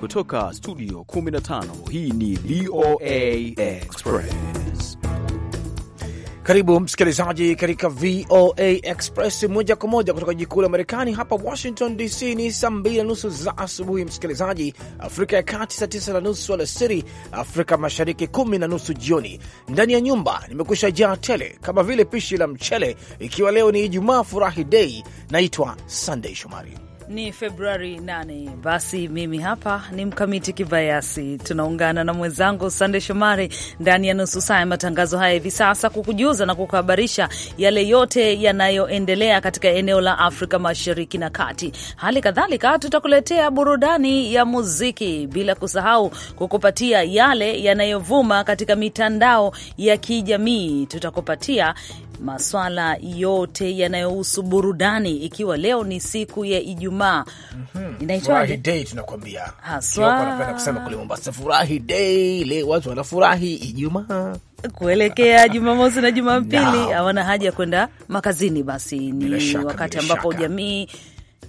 kutoka studio 15 hii ni VOA Express karibu msikilizaji katika VOA Express moja kwa moja kutoka jiji kuu la Marekani hapa Washington DC ni saa mbili na nusu za asubuhi msikilizaji Afrika ya kati saa tisa na nusu alasiri Afrika mashariki kumi na nusu jioni ndani ya nyumba nimekusha jaa tele kama vile pishi la mchele ikiwa leo ni Ijumaa furahi dei naitwa sandey Shomari ni Februari 8. Basi mimi hapa ni Mkamiti Kibayasi, tunaungana na mwenzangu Sande Shomari ndani ya nusu saa ya matangazo haya hivi sasa kukujuza na kukuhabarisha yale yote yanayoendelea katika eneo la Afrika Mashariki na Kati. Hali kadhalika tutakuletea burudani ya muziki, bila kusahau kukupatia yale yanayovuma katika mitandao ya kijamii. Tutakupatia maswala yote yanayohusu burudani, ikiwa leo ni siku ya Ijumaa. mm -hmm. Inaitwaje day haswa, napenda kusema kule Mombasa furahi day, leo watu wanafurahi Ijumaa kuelekea Jumamosi na Jumapili hawana haja ya kwenda makazini. Basi ni shaka, wakati ambapo jamii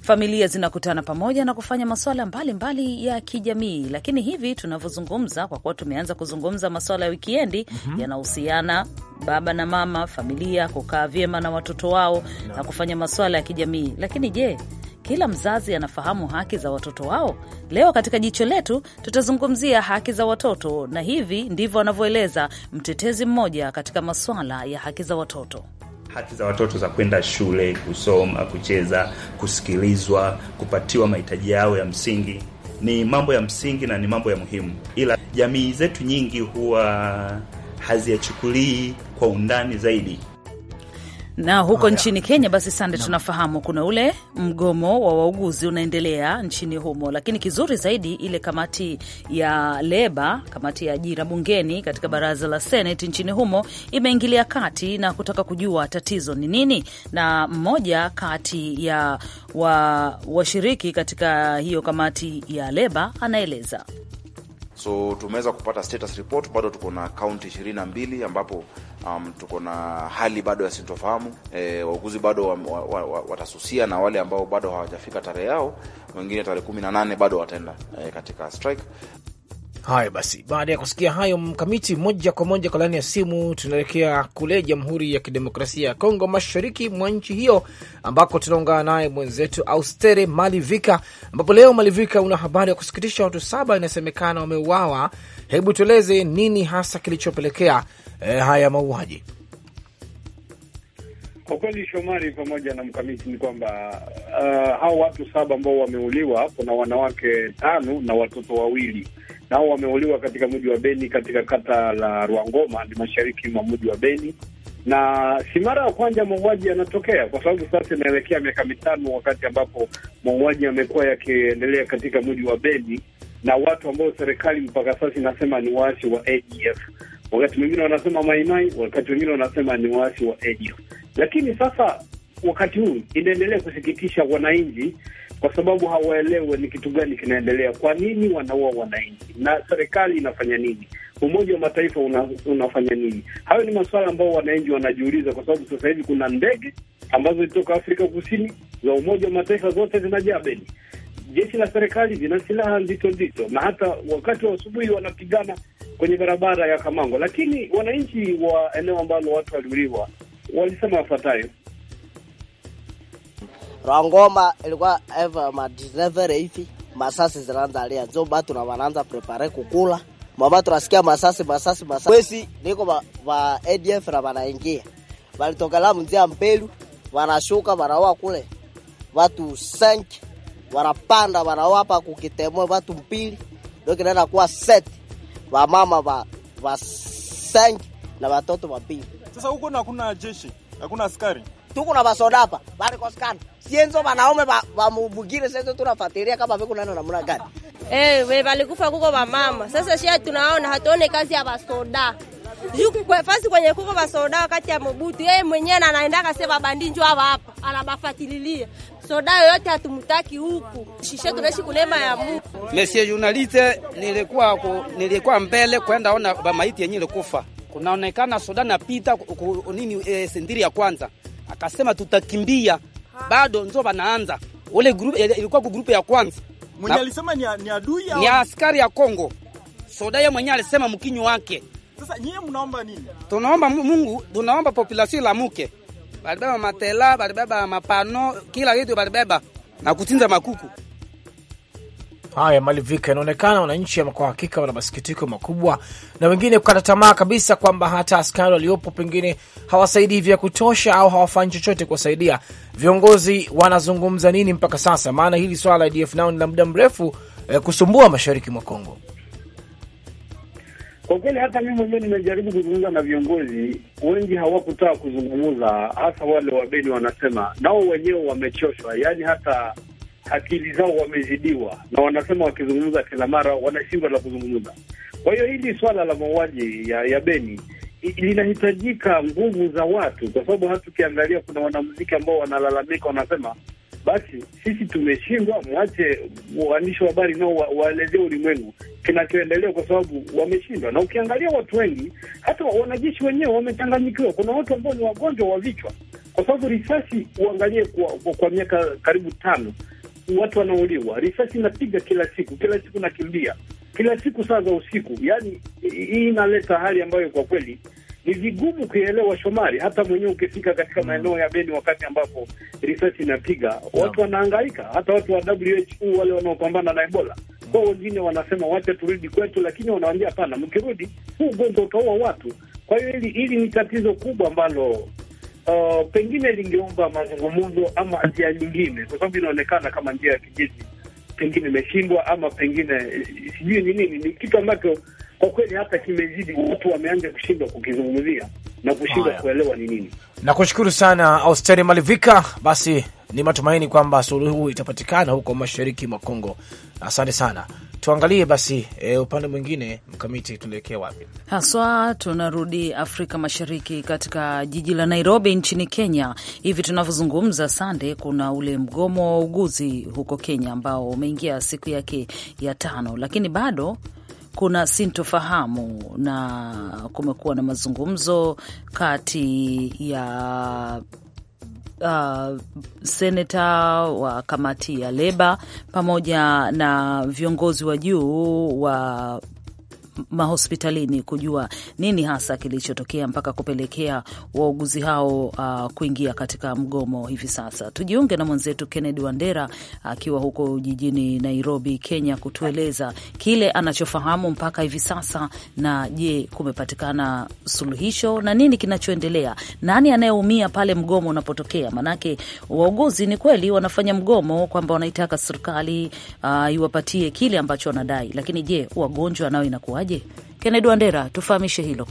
Familia zinakutana pamoja na kufanya masuala mbalimbali ya kijamii, lakini hivi tunavyozungumza, kwa kuwa tumeanza kuzungumza masuala ya wikiendi mm -hmm. yanahusiana baba na mama, familia kukaa vyema na watoto wao no. na kufanya masuala ya kijamii, lakini je, kila mzazi anafahamu haki za watoto wao? Leo katika jicho letu tutazungumzia haki za watoto, na hivi ndivyo anavyoeleza mtetezi mmoja katika masuala ya haki za watoto haki za watoto za kwenda shule, kusoma, kucheza, kusikilizwa, kupatiwa mahitaji yao ya msingi ni mambo ya msingi na ni mambo ya muhimu, ila jamii zetu nyingi huwa haziyachukulii kwa undani zaidi na huko Haya. Oh, nchini Kenya basi sande, tunafahamu kuna ule mgomo wa wauguzi unaendelea nchini humo, lakini kizuri zaidi ile kamati ya leba, kamati ya ajira bungeni katika baraza la seneti nchini humo imeingilia kati na kutaka kujua tatizo ni nini, na mmoja kati ya washiriki wa katika hiyo kamati ya leba anaeleza. So tumeweza kupata status report, bado tuko na kaunti 22 ambapo Um, tuko na hali bado ya sintofahamu. E, wauguzi bado wa, wa, wa, wa, watasusia na wale ambao bado hawajafika tarehe yao, wengine tarehe kumi na nane bado wataenda e, katika strike. Haya basi, baada ya kusikia hayo mkamiti, moja kwa moja kwa laini ya simu tunaelekea kule Jamhuri ya Kidemokrasia ya Kongo, mashariki mwa nchi hiyo, ambako tunaungana naye mwenzetu Austere Malivika, ambapo leo Malivika, una habari ya kusikitisha, watu saba inasemekana wameuawa. Hebu tueleze nini hasa kilichopelekea eh, haya mauaji? Kwa kweli Shomari, pamoja na mkamiti, ni kwamba uh, hao watu saba ambao wameuliwa, kuna wanawake tano na watoto wawili, na hao wameuliwa katika mji wa Beni, katika kata la Rwangoma, ni mashariki mwa mji wa Beni, na si mara ya kwanza mauaji yanatokea, kwa sababu sasa inaelekea miaka mitano wakati ambapo mauaji yamekuwa yakiendelea katika mji wa Beni na watu ambao serikali mpaka sasa inasema ni waasi wa ADF wakati mwingine wanasema maimai, wakati wengine wanasema ni waasi wa ADF. Lakini sasa wakati huu inaendelea kusikitisha wananchi, kwa sababu hawaelewe ni kitu gani kinaendelea, kwa nini wanaua wananchi, na serikali inafanya nini, Umoja wa Mataifa una, unafanya nini? Hayo ni masuala ambayo wananchi wanajiuliza, kwa sababu sasa hivi kuna ndege ambazo zilitoka Afrika Kusini za Umoja wa Mataifa zote zinajaa Beni. Jeshi la serikali zina silaha nzito nzito, na hata wakati wa asubuhi wanapigana kwenye barabara ya Kamango, lakini wananchi wa eneo ambalo watu waliuliwa walisema wafuatayo. Rangoma ilikuwa eva madinevere hivi masasi lia njo batu na wanaanza prepare kukula mama, tunasikia masasi masasi masasi kwesi niko ba, ba ADF na wanaingia walitokala mzia mbelu wanashuka wanaoa kule watu senki wanapanda wanaoa hapa kukitemwe watu mpili ndio kinaenda kuwa seti wamama wa, wa sengi na watoto wa pili. Sasa huko na kuna jeshi, hakuna askari. Tuko na basoda hapa, bali koskana. Sienzo wanaume ba, ba mubugire sasa tunafuatilia kama viko nani namna gani. Eh, hey, we walikufa kuko wamama. Sasa shia tunaona hatuone kazi ya basoda juu fasi kwenye kuko vasoda wakati ya Mobutu yeye mwenyewe anaenda kasema bandi njo hapa hapa anabafatililia soda yoyote hatumtaki huku shishe, tunaishi kunema ya Mungu. Monsieur journaliste, nilikuwa ku, nilikuwa mbele kwenda ona bamaiti yenyewe ilikufa, kunaonekana soda napita nini e, sendiri ya kwanza akasema tutakimbia bado njo banaanza ule group, eh, ilikuwa ku grupu ya kwanza mwenye alisema ni, ni adui ya ni askari ya Kongo. Soda yeye mwenye alisema mkinyo wake sasa nyie mnaomba nini? Tunaomba Mungu, tunaomba population la muke balibeba matela, balibeba mapano, kila kitu balibeba na kutinza makuku Haya, malivika inaonekana wananchi kwa hakika wana masikitiko makubwa, na wengine kukata tamaa kabisa kwamba hata askari waliopo pengine hawasaidii vya kutosha au hawafanyi chochote kuwasaidia. Viongozi wanazungumza nini mpaka sasa? Maana hili swala la ADF nao ni la muda mrefu eh, kusumbua mashariki mwa Kongo. Kwa kweli hata mimi mwenyewe nimejaribu kuzungumza na viongozi wengi, hawakutaka kuzungumza, hasa wale wabeni. Wanasema nao wenyewe wamechoshwa, yaani hata akili zao wamezidiwa, na wanasema wakizungumza kila mara wanashindwa la kuzungumza. Kwa hiyo hili swala la mauaji ya, ya Beni linahitajika nguvu za watu, kwa sababu hata ukiangalia kuna wanamuziki ambao wanalalamika, wanasema basi sisi tumeshindwa, mwache waandishi wa habari nao waelezee ulimwengu kinachoendelea, kwa sababu wameshindwa. Na ukiangalia watu wengi, hata wanajeshi wenyewe wamechanganyikiwa. Kuna watu ambao ni wagonjwa wa vichwa, kwa sababu risasi, uangalie kwa, kwa, kwa miaka karibu tano watu wanauliwa, risasi inapiga kila siku, kila siku nakimbia, kila siku saa za usiku. Yani hii inaleta hali ambayo kwa kweli ni vigumu kuelewa Shomari, hata mwenyewe ukifika katika hmm. maeneo ya Beni wakati ambapo research inapiga watu wanaangaika hata watu wa WHO wale wanaopambana na Ebola kwao, wengine wanasema wacha turudi kwetu, lakini wanawaambia hapana, mkirudi huu ugonjwa utaua watu. Kwa hiyo hili hili ni tatizo kubwa ambalo Uh, pengine lingeomba mazungumzo ama njia nyingine, kwa sababu inaonekana kama njia ya kijiji pengine imeshindwa, ama pengine eh, sijui ni nini. Ni kitu ambacho kwa kweli hata kimezidi, watu wameanza kushindwa kukizungumzia na kushindwa kuelewa ni nini. Nakushukuru sana Austeri Malivika. Basi ni matumaini kwamba suluhu itapatikana huko mashariki mwa Kongo. Asante sana. Tuangalie basi e, upande mwingine mkamiti, tunaelekea wapi haswa? Tunarudi Afrika Mashariki, katika jiji la Nairobi nchini Kenya. Hivi tunavyozungumza, Sande, kuna ule mgomo wa uguzi huko Kenya ambao umeingia siku yake ya tano, lakini bado kuna sintofahamu na kumekuwa na mazungumzo kati ya Uh, seneta wa kamati ya leba pamoja na viongozi wa juu wa mahospitalini kujua nini hasa kilichotokea mpaka kupelekea wauguzi hao uh, kuingia katika mgomo hivi sasa. Tujiunge na mwenzetu Kennedy Wandera akiwa uh, huko jijini Nairobi, Kenya, kutueleza kile anachofahamu mpaka hivi sasa, na je, kumepatikana suluhisho na nini kinachoendelea? Nani anayeumia pale mgomo unapotokea? Manake wauguzi ni kweli wanafanya mgomo kwamba wanaitaka serikali uh, iwapatie kile ambacho wanadai, lakini je, wagonjwa nao inakuwa itakuwaje? Kennedy Wandera, tufahamishe hilo.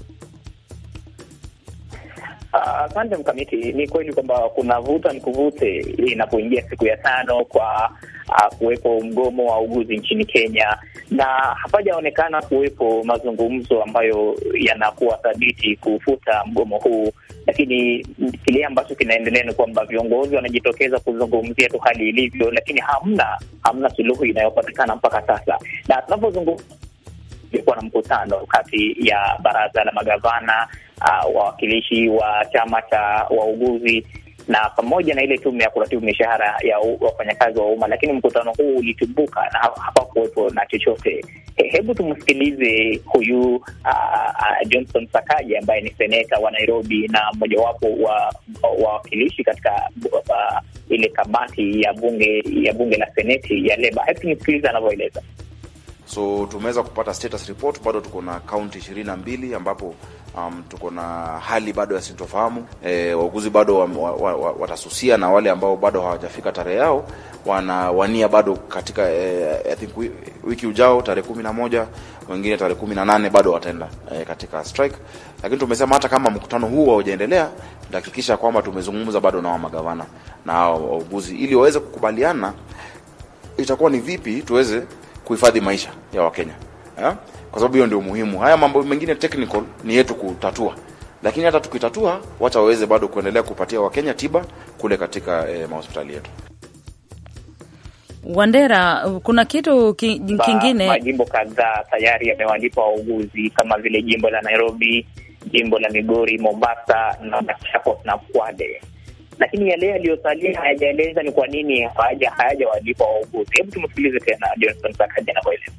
Ah, asante uh, Mkamiti. Ni kweli kwamba kuna vuta ni kuvute inapoingia siku ya tano kwa uh, kuwepo mgomo wa uguzi nchini Kenya, na hapajaonekana kuwepo mazungumzo ambayo yanakuwa thabiti kufuta mgomo huu, lakini kile ambacho kinaendelea ni kwamba viongozi wanajitokeza kuzungumzia tu hali ilivyo, lakini hamna hamna suluhu inayopatikana mpaka sasa na tunapozungumza kulikuwa na mkutano kati ya baraza la magavana, uh, wawakilishi wa chama cha wauguzi na pamoja na ile tume ya kuratibu mishahara ya wafanyakazi wa umma, lakini mkutano huu ulitumbuka na hapakuwepo na chochote. He, hebu tumsikilize huyu uh, uh, Johnson Sakaji ambaye ni seneta wa Nairobi na mojawapo wa wawakilishi katika uh, ile kamati ya bunge ya bunge la seneti ya Leba. Hebu tumsikilize anavyoeleza. So tumeweza kupata status report, bado tuko na kaunti ishirini na mbili ambapo um, tuko na hali bado ya sintofahamu. E, wauguzi bado wa, wa, wa, wa, watasusia na wale ambao bado hawajafika tarehe yao wanawania bado katika e, I think wiki ujao tarehe kumi na moja wengine tarehe kumi na nane bado wataenda e, katika strike, lakini tumesema hata kama mkutano huu haujaendelea tutahakikisha kwamba tumezungumza bado na magavana na wauguzi ili waweze kukubaliana itakuwa ni vipi tuweze kuhifadhi maisha ya Wakenya ha? Eh? Kwa sababu hiyo ndio muhimu. Haya mambo mengine technical ni yetu kutatua, lakini hata tukitatua, wacha waweze bado kuendelea kupatia Wakenya tiba kule katika eh, mahospitali yetu. Wandera, kuna kitu ki, kingine. Majimbo kadhaa tayari yamewalipa wauguzi kama vile jimbo la Nairobi, jimbo la Migori, Mombasa na Machakos na Kwale lakini yale yaliyosalia hayajaeleza ni kwa nini hayajawalipa wauguzi. Hebu tumsikilize tena Johnson Sakaja anavyoeleza.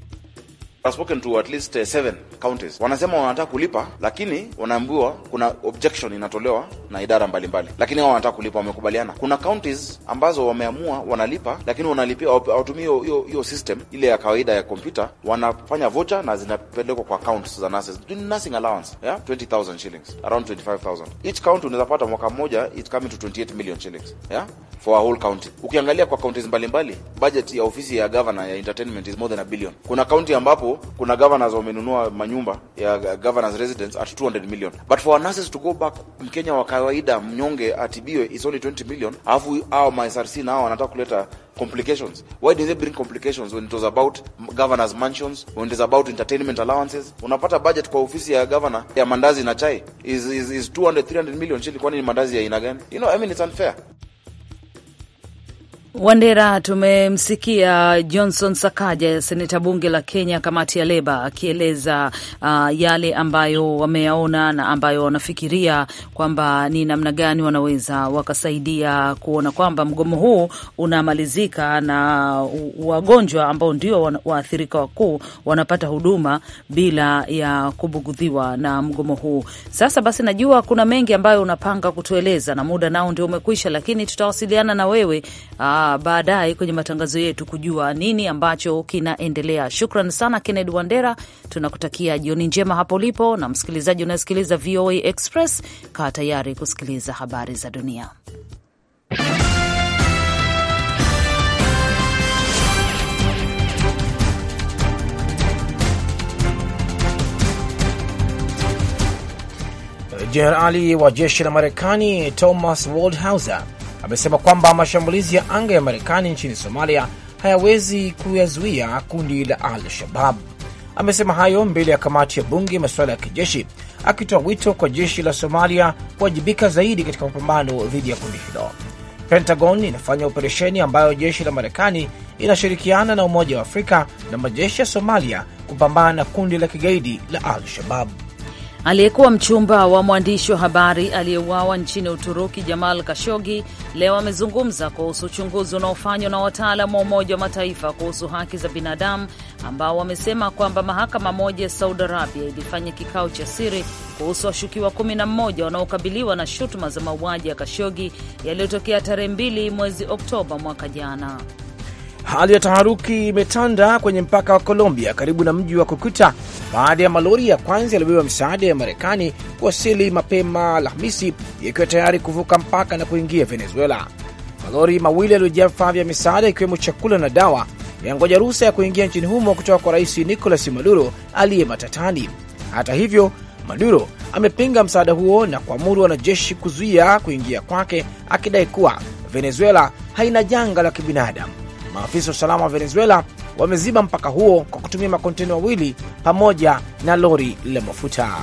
I've spoken to at least uh, seven counties. Wanasema wanataka kulipa, lakini wanaambiwa kuna objection inatolewa na idara mbalimbali mbali. Lakini hao wanataka kulipa, wamekubaliana. Kuna counties ambazo wameamua wanalipa, lakini wanalipia hawatumii hiyo hiyo system ile ya kawaida ya kompyuta, wanafanya voucher na zinapelekwa kwa accounts za nurses. Doing Nursing allowance yeah 20000 shillings around 25000 each county, unaweza pata mwaka mmoja it coming to 28 million shillings yeah for a whole county. Ukiangalia kwa counties mbalimbali mbali, budget ya ofisi ya governor ya entertainment is more than a billion. Kuna county ambapo kuna governors wamenunua manyumba ya governors residence at 200 million, but for our nurses to go back, Mkenya wa kawaida mnyonge atibiwe is only 20 million, alafu hao ma SRC wanataka kuleta complications. Why did they bring complications when it was about governors mansions, when it is about entertainment allowances? Unapata budget kwa ofisi ya governor ya mandazi na chai is is, is 200 300 million shilling, kwani ni mandazi ya aina gani? You know, I mean it's unfair. Wandera, tumemsikia Johnson Sakaja, seneta bunge la Kenya, kamati ya Leba, akieleza uh, yale ambayo wameyaona na ambayo wanafikiria kwamba ni namna gani wanaweza wakasaidia kuona kwamba mgomo huu unamalizika na wagonjwa ambao ndio waathirika wakuu wanapata huduma bila ya kubugudhiwa na mgomo huu. Sasa basi, najua kuna mengi ambayo unapanga kutueleza na muda nao ndio umekwisha, lakini tutawasiliana na wewe uh, uh, baadaye kwenye matangazo yetu kujua nini ambacho kinaendelea. Shukran sana Kennedy Wandera, tunakutakia jioni njema hapo ulipo, na msikilizaji unayesikiliza VOA Express, kaa tayari kusikiliza habari za dunia. Jenerali wa jeshi la Marekani Thomas Waldhauser amesema kwamba mashambulizi ya anga ya Marekani nchini Somalia hayawezi kuyazuia kundi la Al-Shabab. Amesema hayo mbele ya kamati ya bunge masuala ya kijeshi, akitoa wito kwa jeshi la Somalia kuwajibika zaidi katika mapambano dhidi ya kundi hilo. Pentagon inafanya operesheni ambayo jeshi la Marekani inashirikiana na Umoja wa Afrika na majeshi ya Somalia kupambana na kundi la kigaidi la Al-Shabab. Aliyekuwa mchumba wa mwandishi wa habari aliyeuawa nchini Uturuki, Jamal Kashogi, leo amezungumza kuhusu uchunguzi unaofanywa na wataalam wa Umoja wa Mataifa kuhusu haki za binadamu ambao wamesema kwamba mahakama moja ya Saudi Arabia ilifanya kikao cha siri kuhusu washukiwa 11 wanaokabiliwa na shutuma za mauaji ya Kashogi yaliyotokea tarehe 2 mwezi Oktoba mwaka jana. Hali ya taharuki imetanda kwenye mpaka wa Colombia karibu na mji wa Kukuta baada ya malori ya kwanza yaliyobeba misaada ya Marekani kuwasili mapema Alhamisi yakiwa tayari kuvuka mpaka na kuingia Venezuela. Malori mawili yaliyojaa vifaa vya misaada ikiwemo chakula na dawa yangoja ruhusa ya kuingia nchini humo kutoka kwa Rais Nicolas Maduro aliye matatani. Hata hivyo, Maduro amepinga msaada huo na kuamuru wanajeshi kuzuia kuingia kwake, akidai kuwa Venezuela haina janga la kibinadamu. Maafisa wa usalama wa Venezuela wameziba mpaka huo kwa kutumia makontena mawili pamoja na lori la mafuta.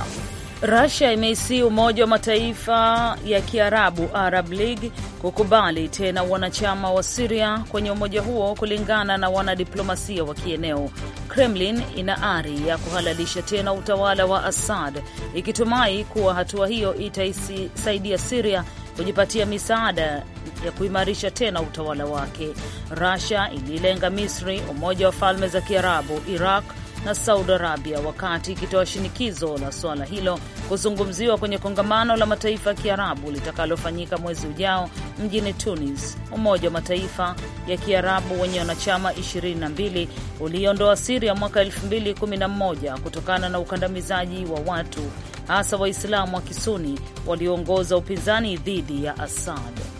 Russia imeisii Umoja wa Mataifa ya Kiarabu, Arab League, kukubali tena wanachama wa Siria kwenye umoja huo, kulingana na wanadiplomasia wa kieneo. Kremlin ina ari ya kuhalalisha tena utawala wa Assad, ikitumai kuwa hatua hiyo itaisaidia Siria kujipatia misaada ya kuimarisha tena utawala wake. rasia ililenga Misri, Umoja wa Falme za Kiarabu, Iraq na Saudi Arabia wakati ikitoa shinikizo la suala hilo kuzungumziwa kwenye kongamano la mataifa ya Kiarabu litakalofanyika mwezi ujao mjini Tunis. Umoja wa Mataifa ya Kiarabu wenye wanachama 22 uliondoa Siria mwaka 2011 kutokana na ukandamizaji wa watu hasa Waislamu wa Kisuni walioongoza upinzani dhidi ya Assad.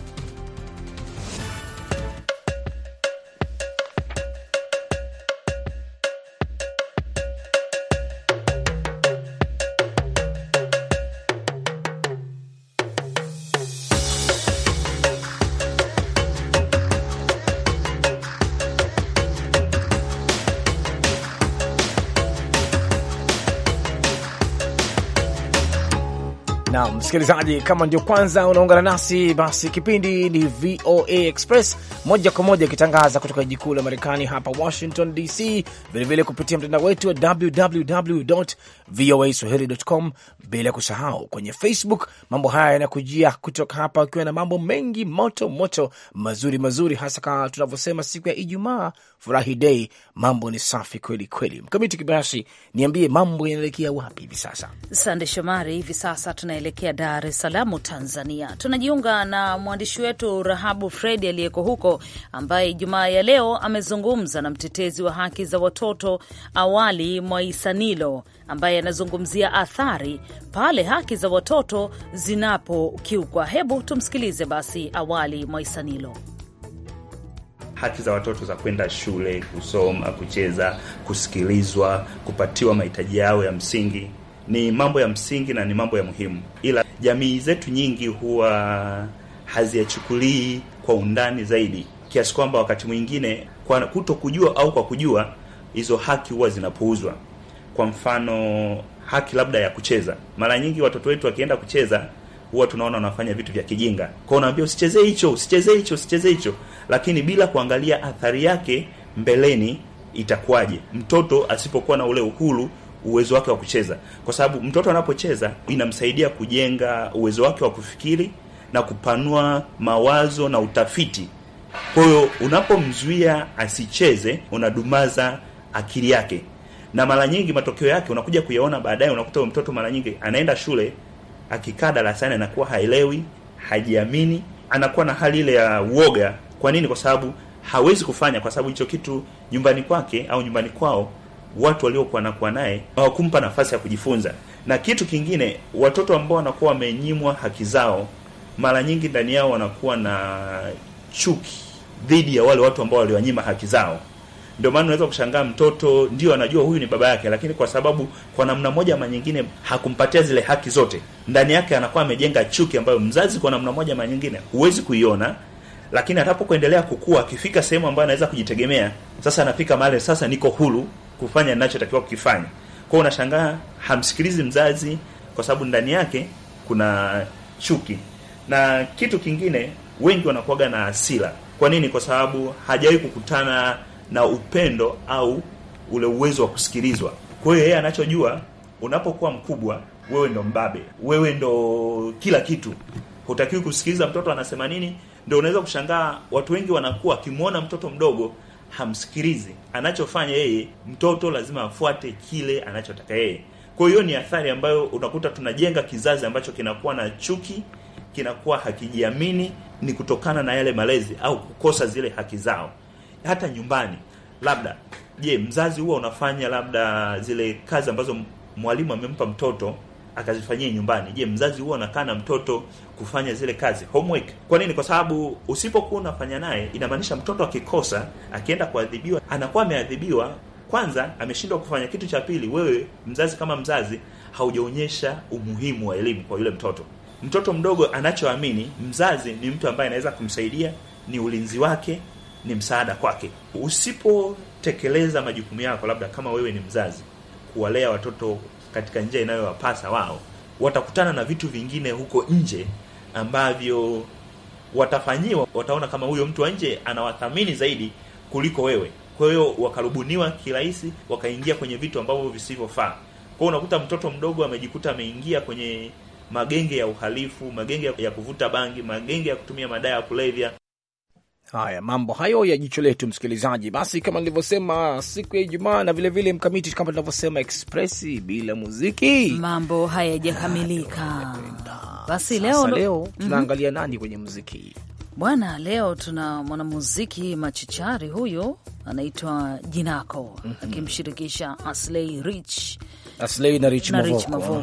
Msikilizaji, kama ndio kwanza unaungana nasi, basi kipindi ni VOA Express moja kwa moja ikitangaza kutoka jiji kuu la Marekani hapa Washington DC, vilevile kupitia mtandao wetu wa www voa swahili.com, bila kusahau kwenye Facebook. Mambo haya yanakujia kutoka hapa ukiwa na mambo mengi moto moto mazuri mazuri, hasa kama tunavyosema siku ya Ijumaa furahi dei, mambo ni safi kweli kweli. Mkamiti Kibayasi, niambie mambo yanaelekea wapi hivi sasa? Sande Shomari, hivi sasa tunaelekea Dar es Salaam, Tanzania. Tunajiunga na mwandishi wetu Rahabu Fredi aliyeko huko Kioko ambaye Ijumaa ya leo amezungumza na mtetezi wa haki za watoto Awali Mwaisanilo ambaye anazungumzia athari pale haki za watoto zinapokiukwa. Hebu tumsikilize basi Awali Mwaisanilo. Haki za watoto za kwenda shule, kusoma, kucheza, kusikilizwa, kupatiwa mahitaji yao ya msingi ni mambo ya msingi na ni mambo ya muhimu, ila jamii zetu nyingi huwa haziyachukulii kwa undani zaidi, kiasi kwamba wakati mwingine kwa kuto kujua au kwa kujua, hizo haki huwa zinapuuzwa. Kwa mfano, haki labda ya kucheza. Mara nyingi watoto wetu wakienda kucheza huwa tunaona wanafanya vitu vya kijinga, kwa unaambia usichezee hicho, usichezee hicho, usichezee hicho, lakini bila kuangalia athari yake mbeleni itakuwaje, mtoto asipokuwa na ule uhuru uwezo wake wa kucheza, kwa sababu mtoto anapocheza inamsaidia kujenga uwezo wake wa kufikiri na kupanua mawazo na utafiti. Kwa hiyo unapomzuia asicheze, unadumaza akili yake, na mara nyingi matokeo yake unakuja kuyaona baadaye. Unakuta mtoto mara nyingi anaenda shule, akikaa darasani anakuwa haelewi, hajiamini, anakuwa na hali ile ya uoga. Kwa nini? Kwa sababu hawezi kufanya, kwa sababu hicho kitu nyumbani kwake au nyumbani kwao watu waliokuwa nakuwa naye hawakumpa nafasi ya kujifunza. Na kitu kingine, watoto ambao wanakuwa wamenyimwa haki zao mara nyingi ndani yao wanakuwa na chuki dhidi ya wale watu ambao waliwanyima haki zao. Ndio maana unaweza kushangaa mtoto ndio anajua huyu ni baba yake, lakini kwa sababu kwa namna moja ama nyingine hakumpatia zile haki zote, ndani yake anakuwa amejenga chuki ambayo mzazi kwa namna moja ama nyingine huwezi kuiona, lakini atapokuendelea kukua, akifika sehemu ambayo anaweza kujitegemea, sasa anafika mahali sasa niko huru kufanya ninachotakiwa kukifanya. Kwa hiyo unashangaa hamsikilizi mzazi, kwa sababu ndani yake kuna chuki. Na kitu kingine, wengi wanakuwaga na asila Kwa nini? Kwa sababu hajawahi kukutana na upendo au ule uwezo wa kusikilizwa. Kwa hiyo yeye anachojua, unapokuwa mkubwa wewe ndo mbabe, wewe ndo kila kitu, hutakiwi kusikiliza mtoto anasema nini. Ndio unaweza kushangaa watu wengi wanakuwa, akimwona mtoto mdogo hamsikilizi. Anachofanya yeye, mtoto lazima afuate kile anachotaka yeye. Kwa hiyo ni athari ambayo unakuta tunajenga kizazi ambacho kinakuwa na chuki kinakuwa hakijiamini ni kutokana na yale malezi au kukosa zile haki zao. Hata nyumbani labda, je, mzazi huwa unafanya labda zile kazi ambazo mwalimu amempa mtoto akazifanyia nyumbani. Je, mzazi huwa anakaa na mtoto kufanya zile kazi homework? Kwa nini? Kwa sababu usipokuwa unafanya naye, inamaanisha mtoto akikosa, akienda kuadhibiwa, anakuwa ameadhibiwa kwanza, ameshindwa kufanya kitu. Cha pili, wewe mzazi kama mzazi haujaonyesha umuhimu wa elimu kwa yule mtoto mtoto mdogo anachoamini mzazi ni mtu ambaye anaweza kumsaidia, ni ulinzi wake, ni msaada kwake. Usipotekeleza majukumu yako, labda kama wewe ni mzazi, kuwalea watoto katika njia inayowapasa wao, watakutana na vitu vingine huko nje ambavyo watafanyiwa, wataona kama huyo mtu wa nje anawathamini zaidi kuliko wewe. Kwa hiyo wakarubuniwa kirahisi, wakaingia kwenye vitu ambavyo visivyofaa. Kwa unakuta mtoto mdogo amejikuta ameingia kwenye magenge ya uhalifu, magenge ya kuvuta bangi, magenge ya kutumia madawa ya kulevya. Haya, mambo hayo ya jicho letu, msikilizaji. Basi kama nilivyosema siku ya Ijumaa na vilevile vile mkamiti, kama tunavyosema expressi bila muziki mambo hayajakamilika. Basi leo, leo mhm. tunaangalia mm -hmm. nani kwenye muziki bwana? Leo tuna mwanamuziki machichari huyo anaitwa Jinako mm -hmm. akimshirikisha Asley Rich Asley na Rich Mavoko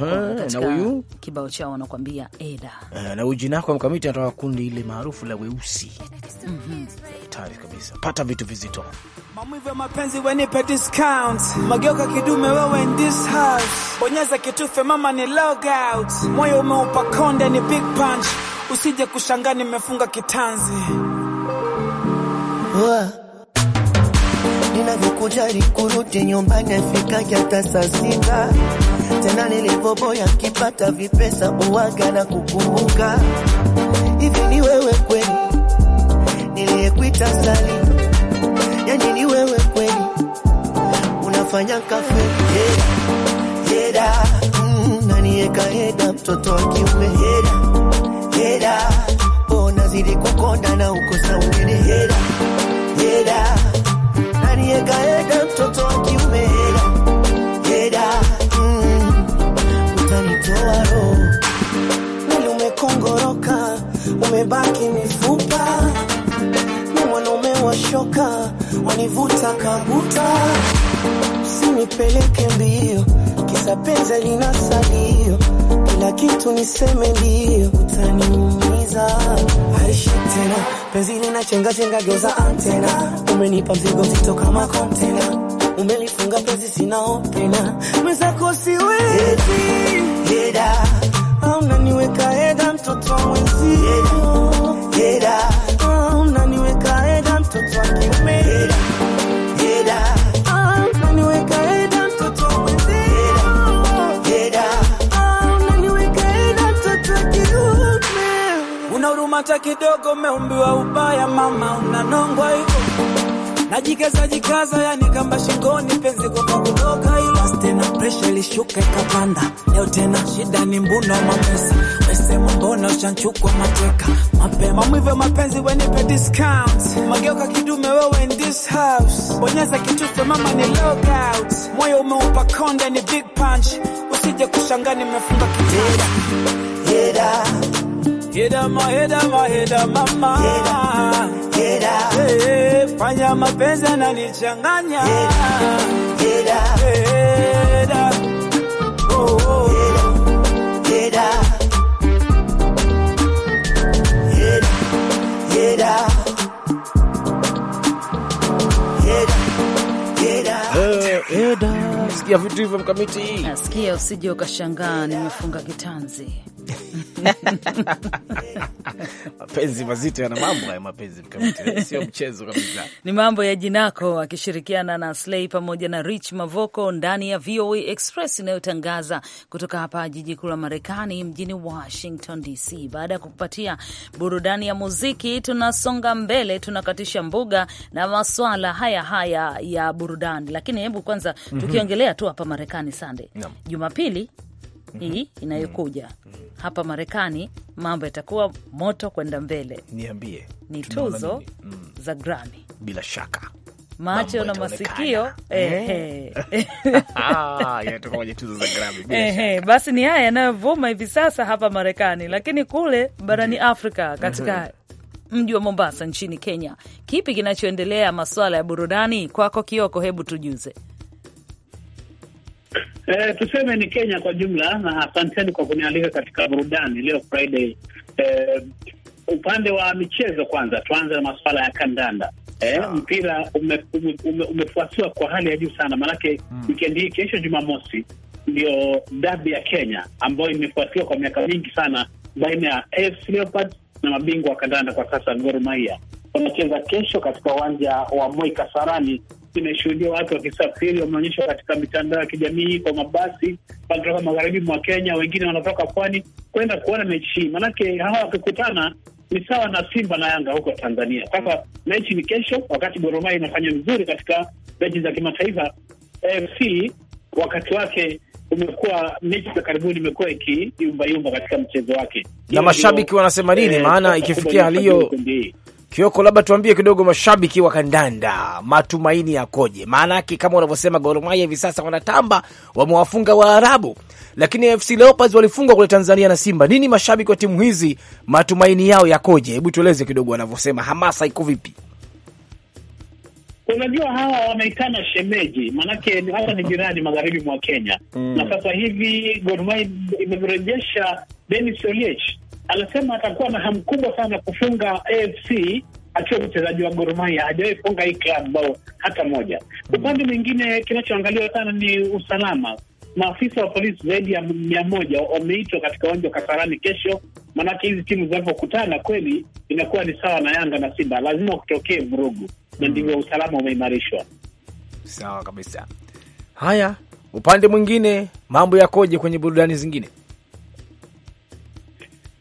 na huyu kibao chao wanakuambia Eda eh, na huyu jina mkamiti anatoka kundi ile maarufu la weusi. mm -hmm. kabisa, pata vitu vizito. Maumivu ya mapenzi wenipe discount, mageuka kidume wewe in this house, bonyeza kitufe mama ni log out, moyo umeupa konde ni big punch, usije kushangaa nimefunga kitanzi. Uwa ninavyokujali kurudi nyumbani afika hata saa sita tena nilivyoboya kipata vipesa uwaga na kukumbuka hivi ni wewe kweli siku niseme ndio, utaniumiza aishi tena penzi lina chenga chenga, geuza antena, umenipa mzigo mzito kama kontena, umelifunga penzi sina opena, mwenzako siwezi kidogo. Umeumbiwa ubaya mama, unanongwa hivyo. Najikaza jikaza, yani kamba shingoni, penzi kwa kudoka ila tena pressure ilishuka ikapanda. Leo tena shida ni mbuno wa mapesa, wesema mbona uchanchukwa mateka mapema mwivyo mapenzi, wenipe discount, mageuka kidume wewe in this house, bonyeza kitufe mama ni logout, moyo umeupa konde ni big punch, usije kushanga nimefunga kitera Yeda ma yeda ma yeda mama. yeda, yeda. Hey, eh, fanya mapenzi yananichanganya. Get yeda. get up. Get up. Oh, oh. Yeda, yeda. Yeda, yeda. Get yeda. get eh, up. Sikia vitu hivyo mkamiti, nasikia usije ukashangaa nimefunga kitanzi. mapenzi mazito yana mambo ya mapenzi mkamiti, sio mchezo kabisa. Ni mambo ya Jinako akishirikiana na Slay pamoja na Rich Mavoko ndani ya VOA Express inayotangaza kutoka hapa jiji kuu la Marekani, mjini Washington DC. Baada ya kupatia burudani ya muziki, tunasonga mbele, tunakatisha mbuga na maswala haya haya ya burudani, lakini hebu kwanza mhm. tukiongelea tu hapa Marekani, Sande Jumapili Mm-hmm. hii inayokuja mm-hmm. hapa Marekani, mambo yatakuwa moto kwenda mbele. Niambie, ni tuzo mm. za Grammy bila shaka macho na masikio eh? Basi ni haya yanayovuma hivi sasa hapa Marekani, lakini kule barani mm-hmm. Afrika katika mji wa Mombasa nchini Kenya, kipi kinachoendelea masuala ya burudani kwako, Kioko? Hebu tujuze. Eh, tuseme ni Kenya kwa jumla, na asanteni kwa kunialika katika burudani leo Friday. Eh, upande wa michezo kwanza tuanze na masuala ya kandanda. E, mpira ume, ume, ume, kwa hali ya juu sana maanake hmm. wikendi hmm, hii kesho Jumamosi ndio dabi ya Kenya ambayo imefuatiwa kwa miaka mingi sana baina ya AFC Leopards na mabingwa wa kandanda kwa sasa Gor Mahia. Wanacheza kesho katika uwanja wa Moi Kasarani Nimeshuhudia watu wakisafiri, wameonyeshwa katika mitandao ya kijamii kwa mabasi wanatoka magharibi mwa Kenya, wengine wanatoka pwani kwenda kuona mechi hii, manake hawa wakikutana ni sawa na Simba na Yanga huko Tanzania. Sasa mechi ni kesho, wakati Gor Mahia inafanya vizuri katika mechi za kimataifa. AFC wakati wake umekuwa mechi za karibuni imekuwa ikiyumbayumba katika mchezo wake, na mashabiki wanasema nini? E, maana ikifikia hali hiyo Kioko, labda tuambie kidogo, mashabiki wa kandanda matumaini yakoje? Maana yake kama unavyosema, Gor Mahia hivi sasa wanatamba, wamewafunga Waarabu, lakini FC Leopards walifungwa kule Tanzania na Simba. Nini mashabiki wa timu hizi matumaini yao yakoje? Hebu tueleze kidogo, wanavyosema hamasa iko vipi? Unajua, hawa wameitana shemeji, maanake hata ni jirani magharibi mwa Kenya mm. na sasa hivi Gor Mahia imemrejesha Dennis Oliech anasema atakuwa na hamu kubwa sana kufunga AFC akiwa mchezaji wa Gor Mahia, hajawahi funga hii klabu bao hata moja. Upande mwingine, kinachoangaliwa sana ni usalama. Maafisa wa polisi zaidi ya mia moja wameitwa katika uwanja wa Kasarani kesho, maanake hizi timu zinavyokutana kweli inakuwa ni sawa na Yanga na Simba, lazima kutokee vurugu, na ndivyo usalama umeimarishwa. Sawa kabisa. Haya, upande mwingine mambo yakoje kwenye burudani zingine?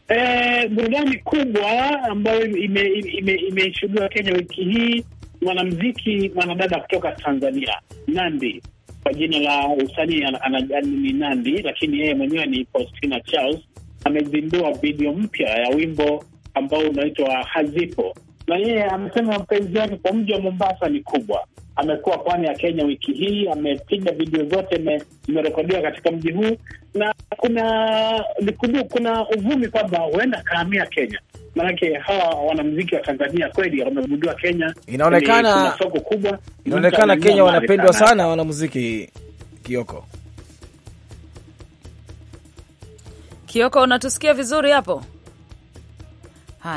Eh, burudani kubwa ambayo ime Kenya wiki hii, mwanamziki mwanadada kutoka Tanzania Nandi, kwa jina la usanii ni Nandi, lakini yeye mwenyewe ni Faustina Charles, amezindua video mpya ya wimbo ambao unaitwa Hazipo, na yeye amesema mpenzi wake kwa mji wa Mombasa ni kubwa amekuwa pwani ya Kenya wiki hii, amepiga video zote zimerekodiwa katika mji huu, na kuna likuduu, kuna uvumi kwamba huenda kaamia Kenya. Maanake hawa wanamziki wa Tanzania kweli wamegundua Kenya, inaonekana kuna soko kubwa, inaonekana Kenya wanapendwa sana wanamuziki. Kioko, Kioko, unatusikia vizuri hapo?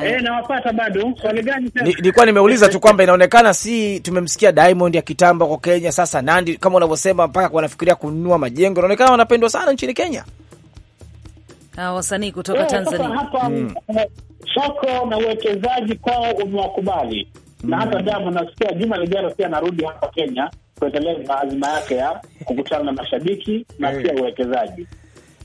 E, nawapata bado. Swali gani sasa? Nilikuwa nimeuliza tu kwamba inaonekana si tumemsikia Diamond ya kitambo kwa Kenya, sasa Nandi kama unavyosema, mpaka wanafikiria kununua majengo, inaonekana wanapendwa sana nchini Kenya ah, wasanii kutoka eh, Tanzania hapa hmm. Eh, soko na uwekezaji kwao umewakubali hmm. Na hata hmm. Diamond nasikia juma lijalo pia anarudi hapa Kenya kuendeleza azima yake ya kukutana na mashabiki na hmm. pia uwekezaji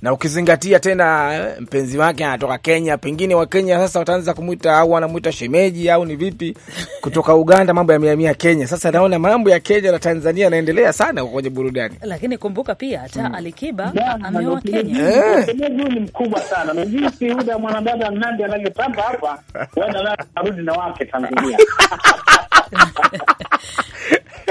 na ukizingatia tena eh, mpenzi wake anatoka Kenya, pengine Wakenya sasa wataanza kumwita au anamwita shemeji au ni vipi, kutoka Uganda mambo yamehamia Kenya. Sasa naona mambo ya Kenya na Tanzania yanaendelea sana kwenye burudani, lakini kumbuka pia hata hmm, Alikiba ameoa Kenya. Eh. Shemeji ni mkubwa sana na jinsi mwanadada Nandi anavyopamba hapa, huenda arudi na wake Tanzania.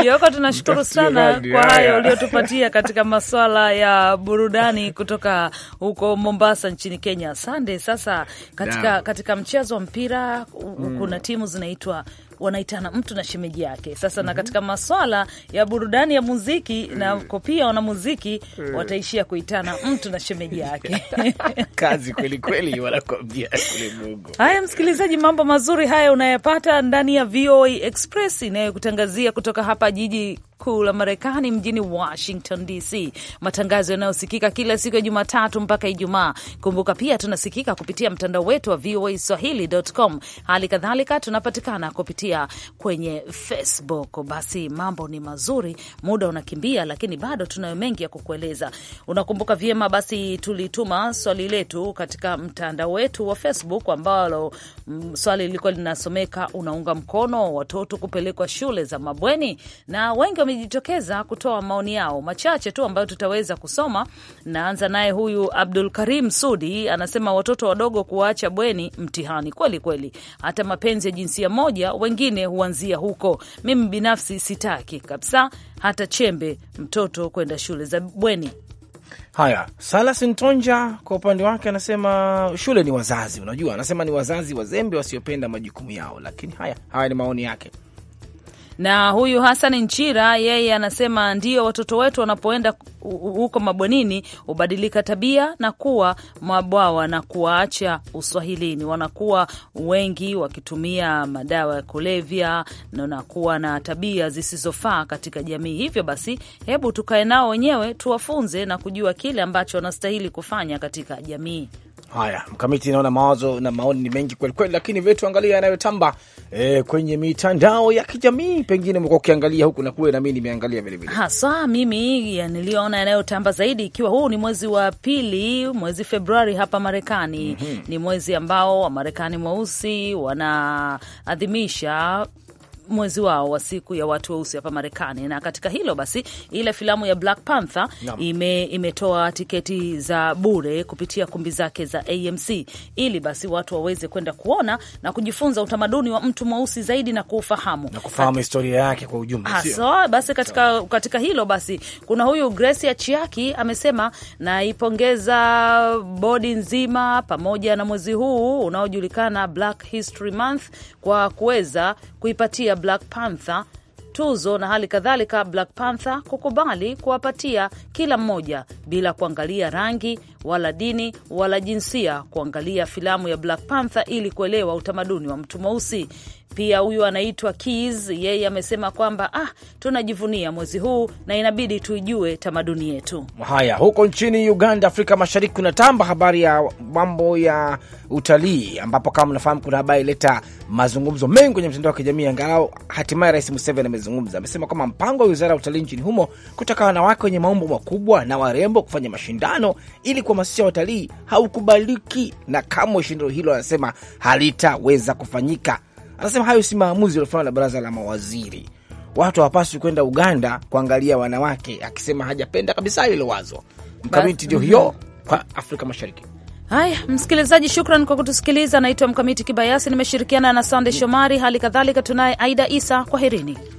Kioko, tunashukuru sana kwa hayo uliotupatia katika maswala ya burudani kutoka huko Mombasa nchini Kenya. Sande, sasa katika, katika mchezo wa mpira mm, kuna timu zinaitwa wanaitana mtu na shemeji yake sasa. mm -hmm. Na mhm. katika maswala ya burudani ya muziki mm. kopia wana muziki mm. Eh. wataishia kuitana mtu na shemeji yake kazi kweli kweli, wanakwambia kule Mungu. Haya msikilizaji, mambo mazuri haya unayapata ndani ya VOA Express inayokutangazia kutoka hapa jiji kuu la Marekani mjini Washington DC, matangazo yanayosikika kila siku ya Jumatatu mpaka Ijumaa. Kumbuka pia tunasikika kupitia mtandao wetu wa voa swahili.com. Hali kadhalika tunapatikana kupitia pia kwenye Facebook. Basi mambo ni mazuri, muda unakimbia, lakini bado tunayo mengi ya kukueleza. Unakumbuka vyema, basi tulituma swali letu katika mtandao wetu wa Facebook ambalo mm, swali lilikuwa linasomeka, unaunga mkono watoto kupelekwa shule za mabweni? Na wengi wamejitokeza kutoa maoni yao, machache tu ambayo tutaweza kusoma. Naanza naye huyu Abdul Karim Sudi, anasema watoto wadogo kuwaacha bweni mtihani kweli kweli, hata mapenzi ya jinsia moja wengi wengine huanzia huko. Mimi binafsi sitaki kabisa hata chembe mtoto kwenda shule za bweni. Haya, salas ntonja kwa upande wake anasema shule ni wazazi, unajua, anasema ni wazazi wazembe wasiopenda majukumu yao, lakini haya haya ni maoni yake. Na huyu hasani Nchira yeye anasema ndio, watoto wetu wanapoenda huko mabwanini hubadilika tabia na kuwa mabwawa na kuwaacha uswahilini. Wanakuwa wengi wakitumia madawa ya kulevya na kuwa na tabia zisizofaa katika jamii. Hivyo basi, hebu tukae nao wenyewe tuwafunze na kujua kile ambacho wanastahili kufanya katika jamii. Haya, mkamiti, naona mawazo na maoni ni mengi kwelikweli, lakini vile tuangalia yanayotamba e, kwenye mitandao ya kijamii, pengine mko ukiangalia huku na kule, nami nimeangalia vilevile, haswa mimi ya niliyoona yanayotamba zaidi, ikiwa huu ni mwezi wa pili, mwezi Februari hapa Marekani. mm -hmm. Ni mwezi ambao Wamarekani mweusi wanaadhimisha mwezi wao wa siku ya watu weusi hapa Marekani, na katika hilo basi, ile filamu ya Black Panther ime, imetoa tiketi za bure kupitia kumbi zake za AMC ili basi watu waweze kwenda kuona na kujifunza utamaduni wa mtu mweusi zaidi na kuufahamu na kufahamu historia yake kwa ujumla ah, Basi katika, katika hilo basi kuna huyu Grace Achiaki amesema, naipongeza bodi nzima pamoja na mwezi huu unaojulikana Black History Month kwa kuweza kuipatia ya Black Panther tuzo na hali kadhalika Black Panther kukubali kuwapatia kila mmoja bila kuangalia rangi, wala dini wala jinsia kuangalia filamu ya Black Panther ili kuelewa utamaduni wa mtu mweusi. Pia huyu anaitwa Keys, yeye amesema kwamba ah, tunajivunia mwezi huu na inabidi tuijue tamaduni yetu. Haya, huko nchini Uganda, Afrika Mashariki, kunatamba habari ya mambo ya utalii, ambapo kama mnafahamu kuna habari ileta mazungumzo mengi kwenye mtandao wa kijamii, angalau hatimaye Rais Museveni amezungumza. Amesema kwamba mpango wa wizara ya utalii nchini humo kutaka wanawake wenye maumbo makubwa na warembo kufanya mashindano ili diplomasia ya watalii haukubaliki, na kamwe shindano hilo anasema halitaweza kufanyika. Anasema hayo si maamuzi yaliofanywa na baraza la mawaziri, watu hawapaswi kwenda Uganda kuangalia wanawake, akisema hajapenda kabisa hilo wazo. Mkamiti ndio hiyo mhm. kwa Afrika Mashariki. Haya, msikilizaji, shukran kwa kutusikiliza. Naitwa Mkamiti Kibayasi, nimeshirikiana na Sande mm. Shomari, hali kadhalika tunaye Aida Isa. Kwaherini.